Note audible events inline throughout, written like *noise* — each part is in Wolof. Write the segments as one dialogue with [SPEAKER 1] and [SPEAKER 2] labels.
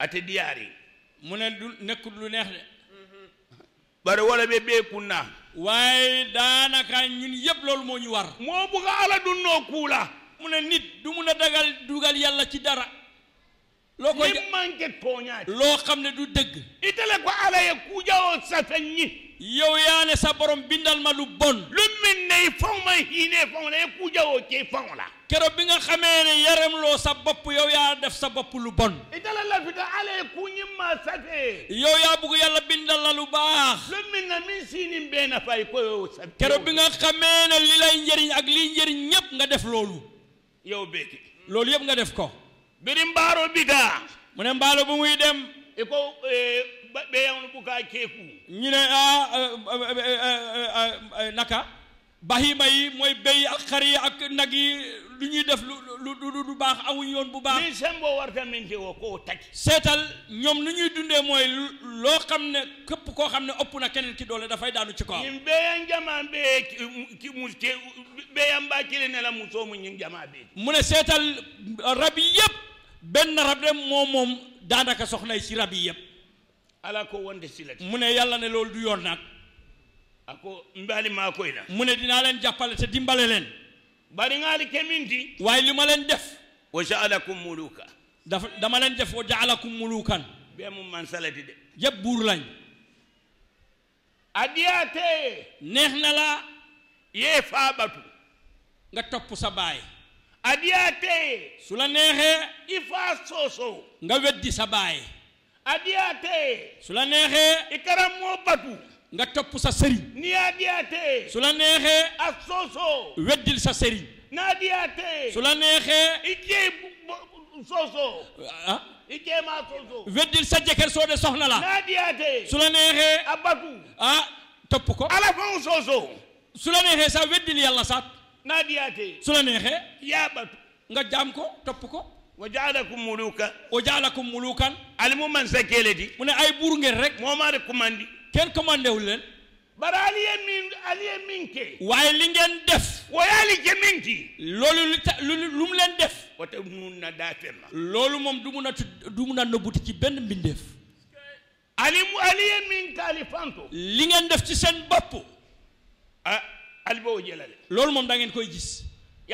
[SPEAKER 1] ate diyaari mu ne du nekkul lu neex de bari wala be bee kunna waaye daanaka ñun yëpp loolu moo ñu war moo bëgg ala dun noo kuula mu ne nit du mun a dagal dugal yàlla ci dara loo koy manqué tooñaati loo xam ne du dëgg itale ko ala ye kuujawoo satan ñi yow yaa ne sa borom bindal ma lu bon lu min ne faŋ ma hiinee faŋ la ye kuujawoo cee faŋ la kero bi nga né yaram lo sa bop yow ya def sa bop lu bon itala ku yow ya bugu yalla bindal la lu baax na min siinin bee fay ko safe kero bi nga xamé né li lay njëriñ ak li njëriñ ñep nga def lolu yow beki lolu yëpp nga def ko biri mbaaro bita mu ne mbaalo bu muy dem iko e, bu buka keeku ñu ne ah, eh, eh, eh, naka bahima yi mooy béy ak xar yi ak nag yi lu ñuy def lu lu lu baax awuñ yoon bu baax. li sembo warta minti wo koo taj. seetal ñoom nu ñuy dundee mooy loo xam ne képp koo xam ne ëpp na keneen ki doole dafay daanu ci kaw. ñun béyan jamaa bee ki mu te béyan baa ci ne la musoo mu ñun jamaa bee. mu ne seetal rab yi yëpp benn rab de moom moom daanaka soxna yi si rab yi yëpp. ala ko wonde si la. mu ne yàlla ne loolu du yoon nag. ako mbali maa koy la mu ne dinaa te dimbalé len bari keminti def wa jaalakum muluka dama len def wa jaalakum mulukan be mum man salati de yëpp bur lañ adiyate nekhna la ye faabatu nga top sa baay adiyate sula nexe neexee soso nga weddi sa adiyate sula nexe ikaram mo batu nga topp sa sëriñ. niyaadiyaatee. su la neexee. ak soosoo. weddil sa sëriñ. naadiyaatee. su la ah? weddil sa jëkkër soo de soxna la. naadiyaatee. su la neexee. Ah, ko. ala foofu soosoo. su la sa weddil yàlla sax. naadiyaatee. su la neexee. yaabatu. nga jaam ko topp ko. wa jaalakum mulukan. wa jaalakum mulukan. alimu man sa keeleti. mu ne ay buur ngeen rek. moo maa de kumandi. kenn commandé wul leen bara aliye min aliye min ke waaye li ngeen def ali jeminti loolu lu ta lu mu leen def wata mun na daafirna loolu moom du mun a du mun a nëbbuti ci benn mbindeef alimu aliye min li ngeen def ci seen bopp ah aliboo jëlale loolu moom da ngeen koy gis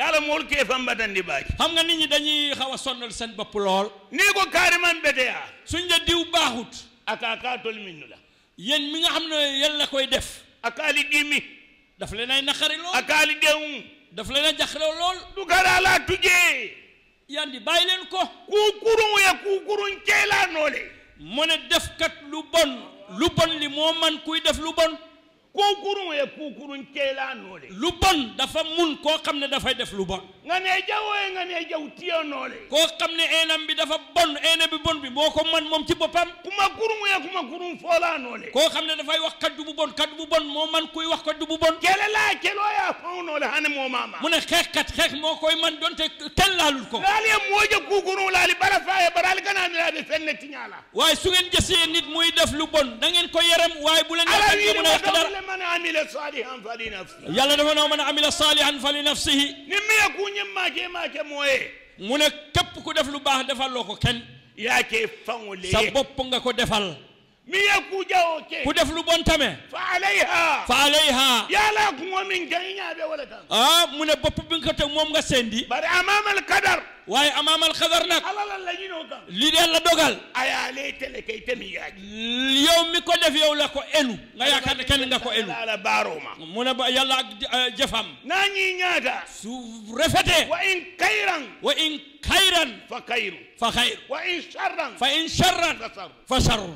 [SPEAKER 1] yàlla mool kee fambatandi baaji xam nga nit ñi dañuy xawa a seen bopp lool nii ko kaariman beteyaa suñ la diw baaxut aka kaa tol min nu la yéen mi nga xam ne yàlla koy def akaali ɗimi daf leen ay naqari lool akaali dewu daf le a jaxle lool dugarala tujee yandi bàyyi leen ko kuukurun ya kuukurun ceelaanoo le mu ne defkat lu bon lu li moo man kuy def lu bon konkurun ye kukurun kela noo le lu bon dafa mun koo xam ne dafay def lu bon nga ne jawo ye nga ne jaw tiyo noo le koo xam ne eenam bi dafa bon eena bi bon bi moo ko man moom ci boppam kuma kurun ye kuma kurun foolaa noo le koo xam ne dafay wax kat bu bon kaddu bu bon moo man kuy wax kaddu bu bon kele laa keloo yaa faŋo noo le hani moo maa ma mu ne xeexkat xeex moo koy man donte kenn laalul ko laali ye moo je kukurun laali bara faaye bara ali ganaa ni su ngeen jësee nit muy def lu bon ko yaram waaye من عمل صالحا فلنفسه يلا دفنا من عمل صالحا فلنفسه نم يكون يما كما ما كموي من كب كدفل باخ دفال لوكو كين يا كي فان ولي سبب بونغا دفال miyeku jawo
[SPEAKER 2] ke ku def lu bon
[SPEAKER 1] tame fa alayha fa alayha yala kuma min ganya be wala tan ah mu ne bop bi nga teg moom nga sendi bari amam al qadar waaye amam al qadar nag alala la ñino kan li de la dogal aya le tele kay temi yaaji yow mi ko def yow la ko enu nga yaakaar ne kenn nga ko enu ala baroma mu ne ba yàlla ak jëfam naa ñi ñaata su rafetee wa in kayran wa in kayran fa kayru fa kayru wa in charran fa in charran fa sarru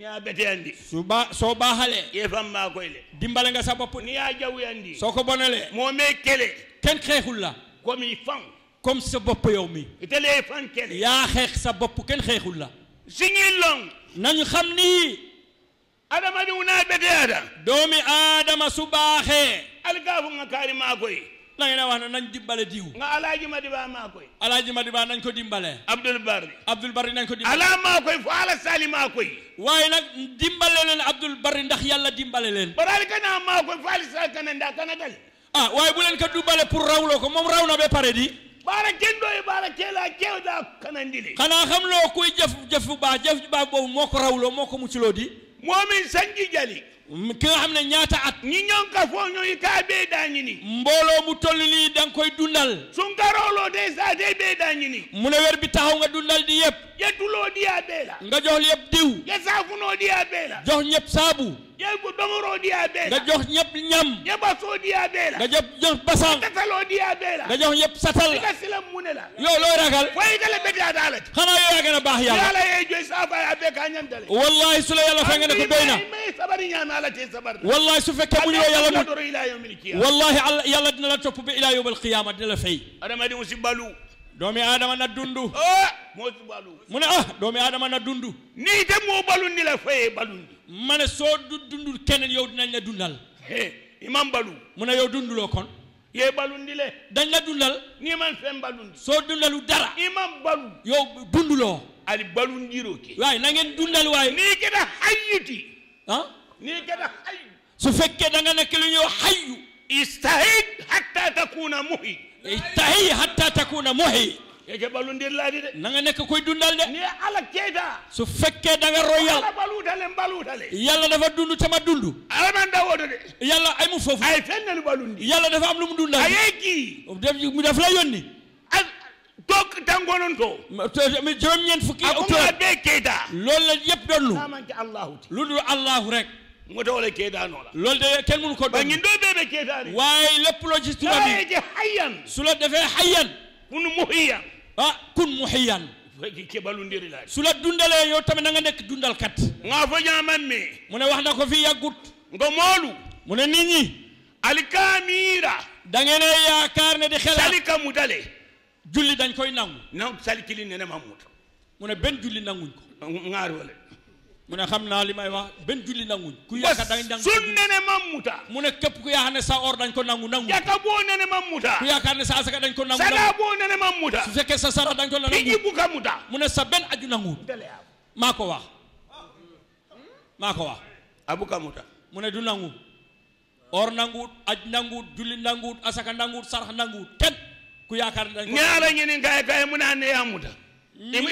[SPEAKER 1] ni a beteyandi suba so baxale yefam ma koy le dimbale nga sa bopp ni a jawuyandi soo ko bonale moo mee kele kenn xeexul la comme i fan comme sa bopp yow mi itele fan kele yaa xeex sa bopp kenn xeexul la siñi long nañu xam ni adama di wunaa bete ada doomi aadama su baaxee nga kaari maa koy na ngeen a wax ne nañ dimbale diw nga alaaji madiba maa koy alaaji madiba nañ ko dimbale abdul bari abdul bari nañ ko dimbale ala maa koy fo ala sali maa koy waaye nag dimbale leen abdul bari ndax yàlla dimbale leen barali kana maa koy fo ali sali kana nda kana dal ah waaye bu leen ko dimbale pour rawloo ko moom raw na ba pare di baara kenn dooy baara keela keew daa kanandili xanaa xam loo kuy jëf jëf bu baax jëf bu baax boobu moo ko rawloo moo ko mucculoo di moomin sanji jali ki nga xam ne ñaata at ñi ñonka fo ñoy ka be dañini mbooloo mu toll nii danga koy dundal sun karooloo de sa de be dañini mu ne wer bi taxaw nga dundal di yëpp yettuloo diya bee la nga jox yëpp diw ye saafunoo diya bee la jox ñëpp saabu yéegu domoroo diya bee la nga jox ñëpp satal la looy ragal fooy gale bétaadaa la ci xanaa yow yaa a baax yàlla yee joy saafaya bee kaa ñam dale wallahi su la yàlla fay nga ne na والله شوفك كم يا يلا والله يلا دنا لا توب الى يوم القيامه دنا في ادم ادي موسى بالو دومي ادم انا دوندو أه! موسى بالو من اه دومي ادم انا دوندو ني دم مو بالو ني لا في بالو من سو دوندو كن يو دنا لا دونال هي امام بالو من يو دوندو لو كون يا بالو ني لا دنا دونال ني من فم بالو سو دونالو دارا امام بالو يو دوندو لو علي بالو نديرو كي واي نانين دوندال واي ني كده حيتي ها أه؟ su fekke da nga nek lu ñu hayyu istahid hatta takuna muhi istahid hatta takuna muhi ya jabalu ndir laadi de na nga nek koy dundal de ni ala keda, su fekke da nga royal balu dale balu dale yalla dafa dundu tama dundu ala man dawodo de yalla ay mu fofu ay fenal balu ndi yalla dafa am lu mu dundal ay ki mu daf la yoni. tok tangonon to mi jom ñen fukki ak to be keeda lol la yep don lu lu allah rek ngoto le keedano la lol de ken mun ko do bangi do bebe keedani way lepp lo ci tuma bi je hayyan su la defé hayyan kun muhiya ah kun muhiyan kebalu ndiri la su la dundale yo tam na nga nek dundal kat nga fa jaman mi mu ne wax na ko fi yagut ngo molu mu ne nit ñi alkamira da ngeen yaakaar ne di xelal salika mu dale julli dañ koy nangu non salikili ne ne mamut mu ne ben julli nanguñ ko ngaar wala mu ne xam naa li may wax benn julli nanguñ ku yaakaar dañ nangu sun nene mam muta mu ne képp ku sa or dañ ko nangu nangu jaka boo nene mam muta ku yaakaar ne sa asaka dañ ko nangu sala boo nene mam muta su sa sara dañ ko nangu tigi benn aju nanguut maa ko wax maa ko wax abuka muta mu ne du nangu or nanguut aj nanguut julli nanguut asaka nanguut sarax nanguut kenn ku yaakaar ne dañ ko ñaara ñeneen kaay kaay mu ne ande yaa muta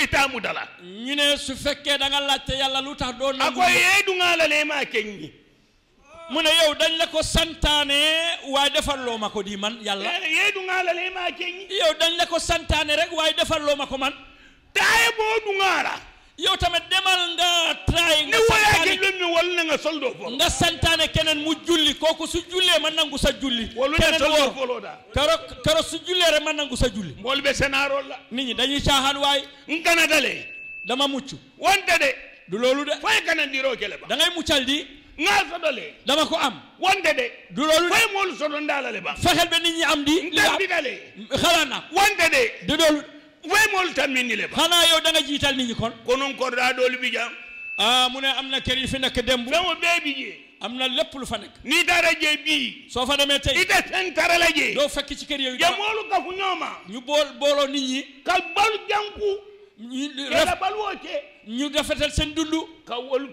[SPEAKER 1] itamudala ñu ne su fekkee da nga laajte yàlla lu tax doo nangu ako yee dungalale ma keññi mu ne yow dañ le ko santaane waaye defalloo ma ko di man yàlla eh, yee dungalale ma keññi yow dañ le ko santaane rek waaye defalloo ma ko man taaye boo dungala yow tamit demal nga try ni wala ke lu ni nga soldo fo nga santaane keneen mu julli kooku su jullee ma nangu sa julli keneen woo karo karo su jullee rek ma nangu sa julli mbool be scénario la nit ñi dañuy caaxaan waay ngana dale dama mucc wante de du loolu de fay kana diroo kele ba da ngay muccal di nga sodole dama ko am wante de du loolu de fay moolu sodo ndaalale ba fexeel ba nit ñi am di nga bi dale xalaat na wante de du wemol tamminni le ba xanaa yow da nga jiital nit ñi kon konon korda doolu bi jam ah mu ne am na kër yi fi nekk démb dama bee bi jee am na lépp lu fa nekk ni dara jee bii soo fa demee tey ite seen tara la jee doo fekk ci kër yooyu jamoolu kafu ñooma ñu bool booloo nit ñi ka balu janku ñu ref balu woo ñu defetal seen dund ka wolu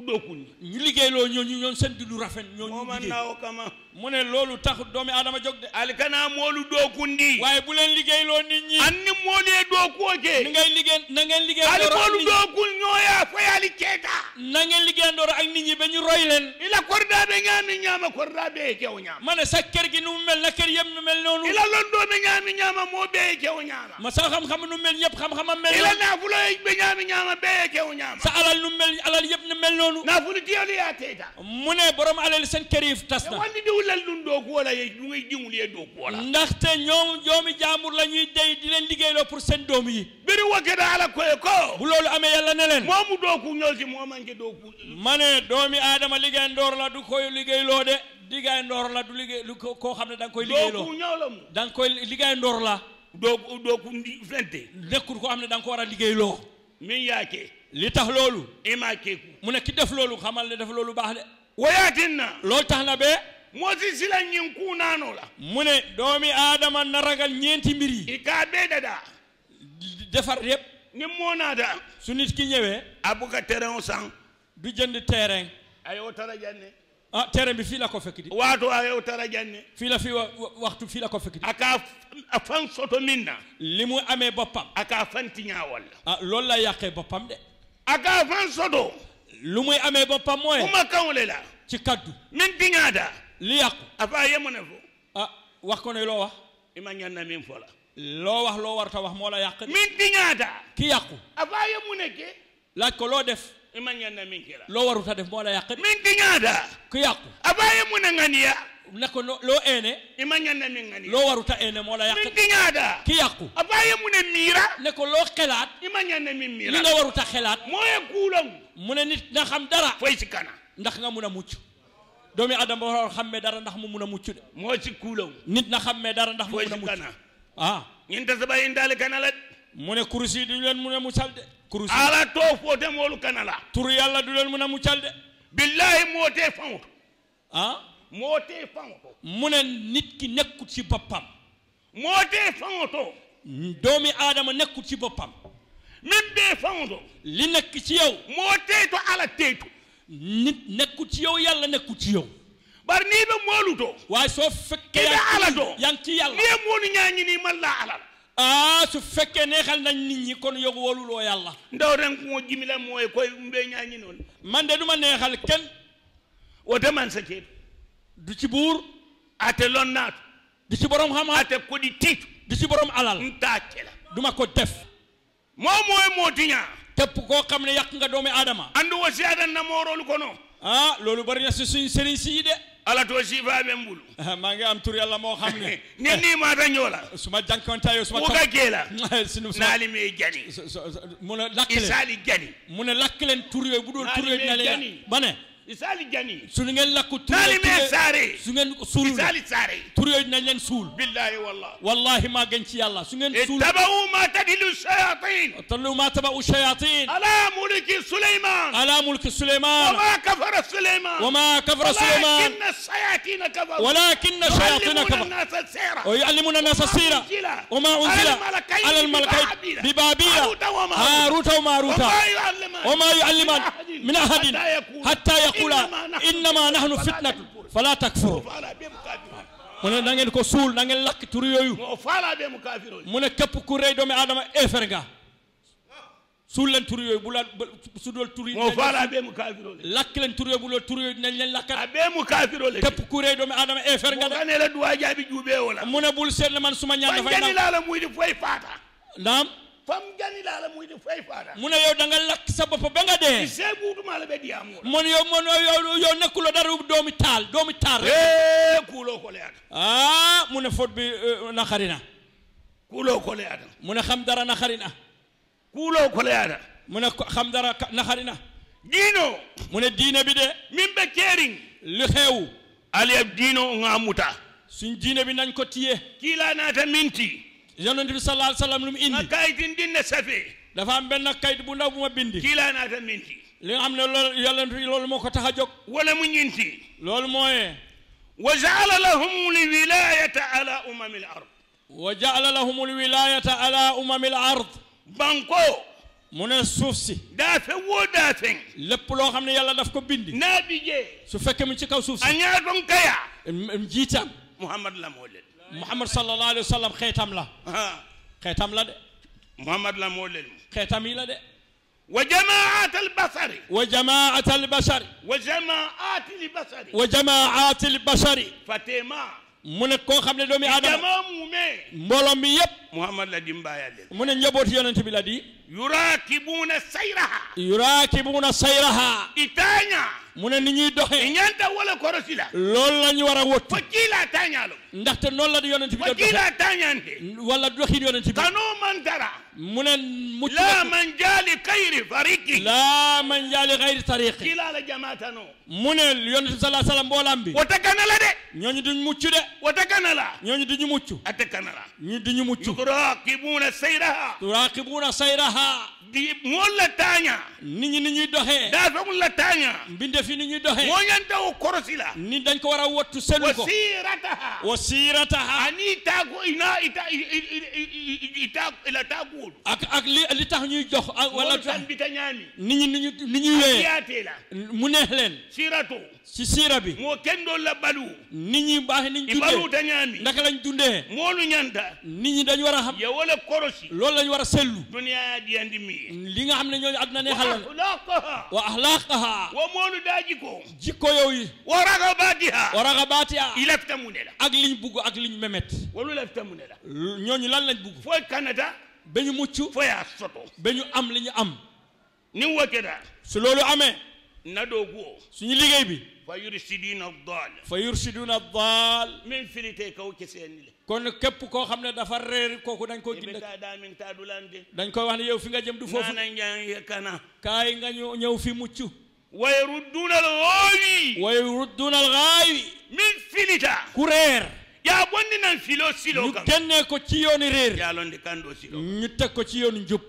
[SPEAKER 1] dookuñ ñu liggéey loo ñooñu ñoom seen dundu rafet ñooñu liggéey man naaw kama mu ne loolu taxu doomi aadama jóg de alkana moolu dookundi waaye bu leen liggéey loo nit ñi an ni moolee dookuwo ke ni ngay liggéey na ngeen liggéey ali moolu dookul ñooya foyali ceeta na ngeen liggéey ndoor ak nit ñi ba ñu roy leen ila kordaɓe ñaami ñaama kordaɓe e kew ñaama ma ne sa kër gi nu mu mel na kër yëpp nu mel noonu ila londooɓe ñaami ñaama moo bee e kew ñaama ma sa xam-xam nu mel yëpp xam-xama mel ila naafulo ɓe ñaami ñaama bee e kew ñaama sa alal nu mel alal yëpp nu mel noonu loolu naafulu diyolu ya teyta mu ne borom alal seen kër yi tas na wandi diwlal nun doo ku wala ye ngay diwul ye doo ku wala ndaxte ñoom doomi jaambur la ñuy dey di leen liggéeyloo pour seen doom yi biri wakkeda ala koye ko bu loolu amee yàlla ne moomu doo ku ñolti moo manke doo ma ne doomi aadama liggéey ndoor la du koy liggéeyloo de liggéey ndoor la du liggéey lu koo xam ne da nga doo ku ñaw la mu da nga koy ndoor la doo doo ku ndi ko xam ne da nga ko war a liggéeyloo min yaakee li tax loolu ima keeku mu ne ki def loolu xamal ne def loolu baax de wayaatin na loolu tax na bee moosi sila ñin kuunaanoo la mu ne doomi aadama na ragal ñeenti mbir yi i kaa bee dadaa defar yëpp ni moo naata su nit ki ñëwee a buga terrain san du jënd terrain a tara janne ah terrain bi fii la ko fekk di waatu a tara janne fii la fii waxtu fii la ko fekk di a soto min na li a kaa fan tiñaawal ah la de a ka fan sodo lu muy amee boppam mooy kuma kaŋo le la ci kaddu min diŋaa da li yàqu a fa a ye mu ne fo ah, wax ko ne loo wax i ma ñan na min fo la loo wax loo war warta wax moo la yàq min diŋaa da ki yàqu a fa a ye mu ne ke ko loo def i na min ke la loo def moo la yàq min diŋaa da ki yàqu a fa ye mu ne ŋaniya lako loo eene i ma ñanna min ŋani loo waruta eene moo la yàq min diŋaada ki yàqu a baa ye mu ne miira ne ko loo xelaat i ma ñanna min miira li nga waruta xelaat moo ye kuuloŋ mu ne nit na xam dara foy si kana ndax nga mun a mucc doomi adama war xammee dara ndax mu mun a mucc de moo si kuuloŋ nit na xammee dara ndax mu mun a mucc ah ñin ta saba in daali kana la mu ne kurusi du leen mun a mucal de kurusi ala too foote moolu kana la yàlla du leen mun a mucal de billahi moo tee faŋo moo tee faŋoto mu ne nit ki nekkut ci boppam moo tee faŋoto doomi aadama nekkut ci boppam min bee faŋoto li nekk ci yow moo teeto ala teetu nit nekkut ci yow yàlla nekkut ci yow bari nii be moolu to waaye soo fekkee yaa ngi ci yàlla nii ye moolu ñaañi nii man laa ala ah su fekkee neexal nañ nit ñi kon yow wóoluloo yàlla ndaw ren ko jimila mooy koy mbee ñaañi noonu man de duma neexal kenn wote man sa ceeb du ci buur ate loon naatu du ci borom xam ate ko di tiitu du borom alal ntaake duma ko def moo mooy moo tiñaa képp koo xam ne yàq nga doomi adama andu wo si adan na mooroolu ko noo ah loolu bari na si suñ sëriñ si de ala to siifaaɓe mbulu *laughs* maa ngi am tur yàlla moo xam ne *laughs* ne ni maata ñoola *laughs* suma jànkontayo suma wuga geela naali me jani mu ne lakkle isaali jani mu ne lakkleen tur yooyu bu dul tur yooyu na leen ba isaali jani su ngeen lakku naali mee saare su ngeen suul isaali saare tur yooyu nañ leen suul billahi wallah wallahi maa gën ci yàlla su ngeen suul اتبعوا ما تدل الشياطين اتبعوا ما تبعوا الشياطين على ملك سليمان على ملك سليمان وما كفر سليمان وما كفر سليمان ولكن الشياطين كفروا ولكن الشياطين كفروا الناس السيرة ويعلمون الناس السيرة وما أنزل على الملكين ببابيل هاروت وماروت وما يعلمان من أحد حتى يقول كولا انما نحن فتنه فلا تكفر من نانغي كو سول نانغي لاك تور يوي فلا بهم كافرون من كيب كو ري دومي ادم افرغا سول لن تور يوي بولا سودول تور يوي فلا بهم كافرون لاك لن تور يوي بولا تور يوي نان لن لاك بهم كافرون كيب كو ري دومي ادم افرغا نان لا دوا جابي جوبي ولا من بول سيل مان سوما نيا دا فاي نام نعم famujanira ala muyiti fay fara muna yo dangal lak sabo po benga de sebu dum ala be diamu mon yo mon yo yo nekulo daru domi tal domi tar e kulo ko le ata ah muna fot bi na kharina kulo ko le ata muna xam dara na kharina kulo ko le ata muna xam dara na kharina dino muna dina bi de min be kering li xew ali ab dino nga muta sun dina bi nañ ko tiye kila nata minti يونس صلى الله عليه وسلم لم يندي كايت دين سفي دا فام بن كايت بو ناغوما بيندي كيلا نا تا مينتي لي خامنا لول يالا نبي لول موكو تاخا جوك ولا مو نينتي لول موي وجعل لهم الولايه على امم الارض وجعل لهم الولايه على امم الارض بانكو من السوفسي دا في ودا تين لب لو خامنا يالا داف كو بيندي نابي جي سو فك مي سي كاو سوفسي انيا كايا جيتام محمد لا مولد محمد صلى الله عليه وسلم ختم لا ختم لا محمد لا مولل ختم لا دي وجماعات البصر وجماعة البشر وجماعات البشر وجماعات البشر فاطمة من كو خامل دومي ادم جماعة مومي مولو مي ييب محمد لا ديم ديمبايا من نيبوت يونت بلا دي يراكبون سيرها يراكبون سيرها إتانيا mu ne ni ñuy doxee ñanta wala korosi la loolu la ñu war a wottu fo kiilaa taañaalo ndaxte noonu la di yonent bi doon doxee fo kiilaa taañante wala doxin yonent bi kanoo man dara mu ne mucc laa man jaali xayri tariqi laa man jaali xayri tariqi kii laa la jamaatanoo mu ne yonent bi salaa salaam mboolam bi wata kana la de ñooñu duñ mucc de wata kana la ñooñu duñu mucc ata kana la ñu duñu mucc yuraaqibuuna sayraha yuraaqibuuna sayraha di mool la taaña nit ñi ni ñuy doxee daa soog la taaña mbindee fi ni ñuy doxee moo ñan daw korosi ko war a wattu selu ko wa siirataha wa siirataha ani ak ak li li tax ñuy jox ak ah, wala nit ñi ni ñu ni ñuy wee mu neex leen si siira bi moo kenn doon la balu nit ñi baax niñ dundee naka lañ dundee moolu ñanta nit ñi dañ war a xam ye wala korosi loolu lañ war a sellu duniya diyandi mi li nga xam ne ñooñu àdduna neexal la wa axlaaqaha wa moolu daa jikko jikko yow yi wa ragabaatiha wa ragabaatiha i lafta mu ne la ak liñ bugg ak liñ memet walu lafta mu ne la ñooñu lan lañ bugg fooy kanata ba ñu mucc fo yaa soto ba ñu am li ñu am ni wakeda su loolu amee nadoo guo suñu liggéey bi fa yursiduna daal fa yursiduna daal min filite kaw ci seeni le kon képp koo xam ne dafa réer kooku dañ koo ginde damin taadulande dañ koy yow fi nga jëm du foofu nana njaa kana kaay nga ñu ñëw fi mucc wa yurudduuna al gaawi wa yurudduuna al gaawi min filita ku réer jaabonni nan filoo siloo kan ñu génnee ko ci yoonu réer jaalonde kandoo siloo ñu teg ko ci yoonu njub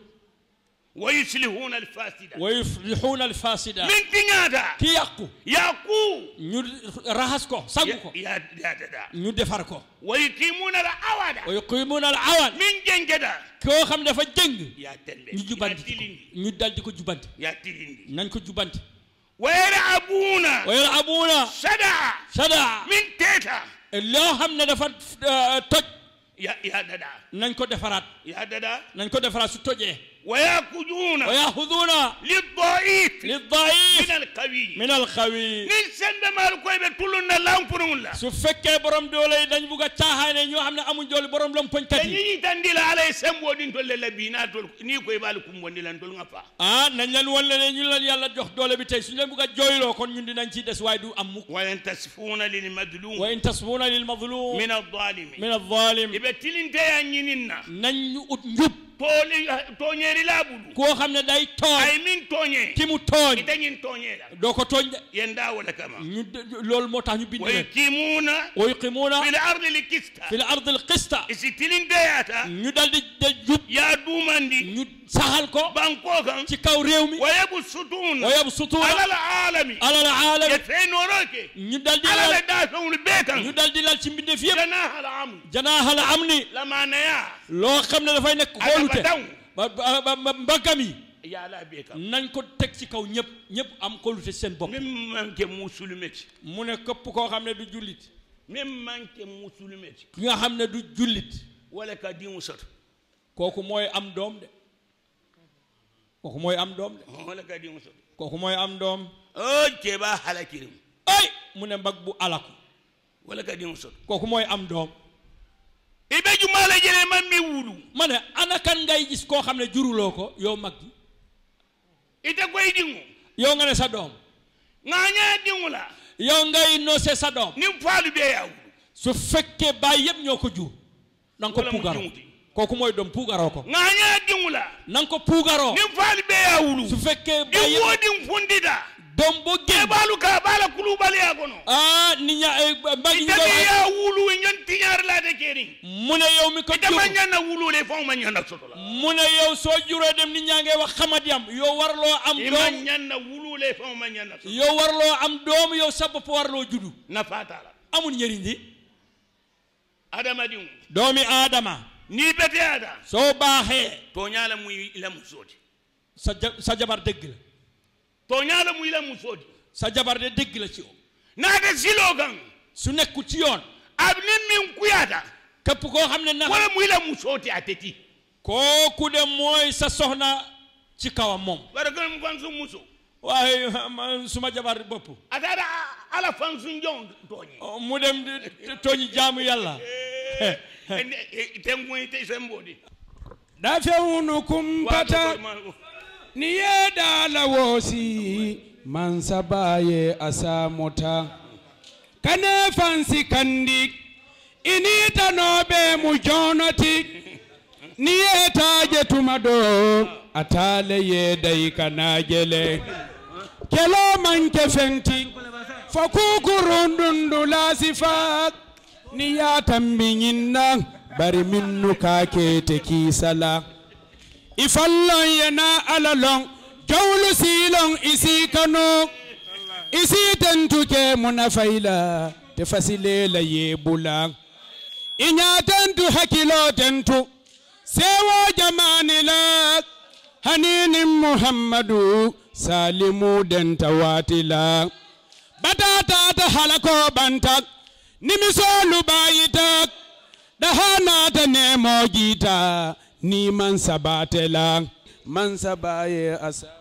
[SPEAKER 1] wa yuslihuuna alfasida wa yuslihuuna alfasida min tiŋaata ki yàqu yàqu ñu raxas ko sangu ko yaadada ñu defar ko wa yuqimuuna al awada wa yuqimuuna al awad min jengeda koo xam dafa jëng yaa tembe ñu jubanti ñu daldi ko jubanti yaa tirindi nañ ko jubanti wa yarabuna wa yarabuna sada sada min teeta اللهم هم ندفر آه، يا يا دادا ننكو دفرات يا دادا ننكو دفرات ستوجي ويأخذون ويأخذون للضعيف للضعيف من alxawi min alxawi nin sendemaal koy ɓe tullunna lamponugun la so fekke borom doole dañ buga cahane ñoo xam ne amuñ doole borom lompon tati ñiñi tandila ala e semboɗin tolle labina tol ni koye ɓaali kumbondilan tol ga faa a ah nañ len wolle ne ñu len yàlla jox doole bi tey suñ leen buga joyloo kon ñun dinañ ci des waaye du am mukk wa in tasfuna lilmadlum wa in tasfuna lilmadlum min alzalimi min alzalim iɓe tilinteya ñininna nañ ñu ut njub tooñeeri laa bulu koo xam ne day tooñ ay min tooñee ki mu tooñ dañin tooñee la doo ko tooñ de yéen daa wala kama ñu loolu moo tax ñu bind leen ويقيمون ويقيمون في الارض القسط في الارض القسط استيلين دياتا ñu dal di de jub yaa duumandi ñu saxal ko bankoo kan ci kaw réew mi ويبسطون ويبسطون على العالم على العالم يتفين وراك ñu dal di على الداسون بيكا ñu dal di lal ci mbinde fi جناح الامن جناح الامن لما نيا loo xam ne dafay nekk xoolu te ba mbagam yi yàlla bee nañ ko teg ci kaw ñëpp ñëpp am kóolute seen bopp même mu ne këpp koo xam ne du jullit même manqué musulmet ki nga xam ne du jullit wala ka dimu sot kooku mooy am doom de kooku mooy am doom kooku mooy am doom oo mu ne mbag bu alaku wala ka dimu kooku mooy am doom i be jumaa man mi wulu ma ne ana kan ngay gis koo xam ne juruloo ko yow mag ji ite koy dingu yow nga ne sa doom nga ñaa dingu la yow ngay noose sa doom ni faalu bee yaa su fekke baay yëpp ñoo ko jur na ko puugaroo kooku mooy doom puugaroo ko nga ñaa dingu la na ko puugaroo ni faalu bee yaa su fekkee baay yëpp di fundida dombogi e baluka bala kulubaliya kono a niña bagiñoitami ya wulu ñon tiñarlade keri mune yow mi ko itama ñanna wulule faw ma ñanna sotola mune yow so juro dem ni ñange wax xamadiyam yo warlo am doom ima ñanna wulule faw ma ñanna yo warlo am doom yow sabba fo warlo judu nafatala amul ñeriñ di adama diŋ doomi adama ni bete ada so baaxee toñala muy la musoti sa jabar dëgg tooñaala muy la musooti sa jabar de dégg la ci yow naata siloo kan su nekkul ci yoon ab ni min kuyaata képp koo xam ne na wala muy la musooti ti teti ku de mooy sa soxna ci kawam moom bara gën mu su muso waaye man suma jabar bopp ataata ala fan su njoŋ tooñi oh, mu dem tooñi jaamu yàlla eh, eh, eh, tenkuŋ ite sembo di
[SPEAKER 2] dafewunukum pata ni ye dala wosi mansabaye asamota kane fansi kandi initanobe mujonoti ni ye taje tumado atale ye dai kanajele kelo manke fenti fakukurundundula sifat ni ya tambinyinna bari minnu ka kete kisala ifallon yana alalon jawlu silon isi kano isi tantuke munafaila te fasilela ye bula inya tantu hakilo tantu sewo jamani la muhammadu salimu denta watila batata ta halako bantak nimisolu bayitak dahanata nemo jita nii man sabatela man sabaye asa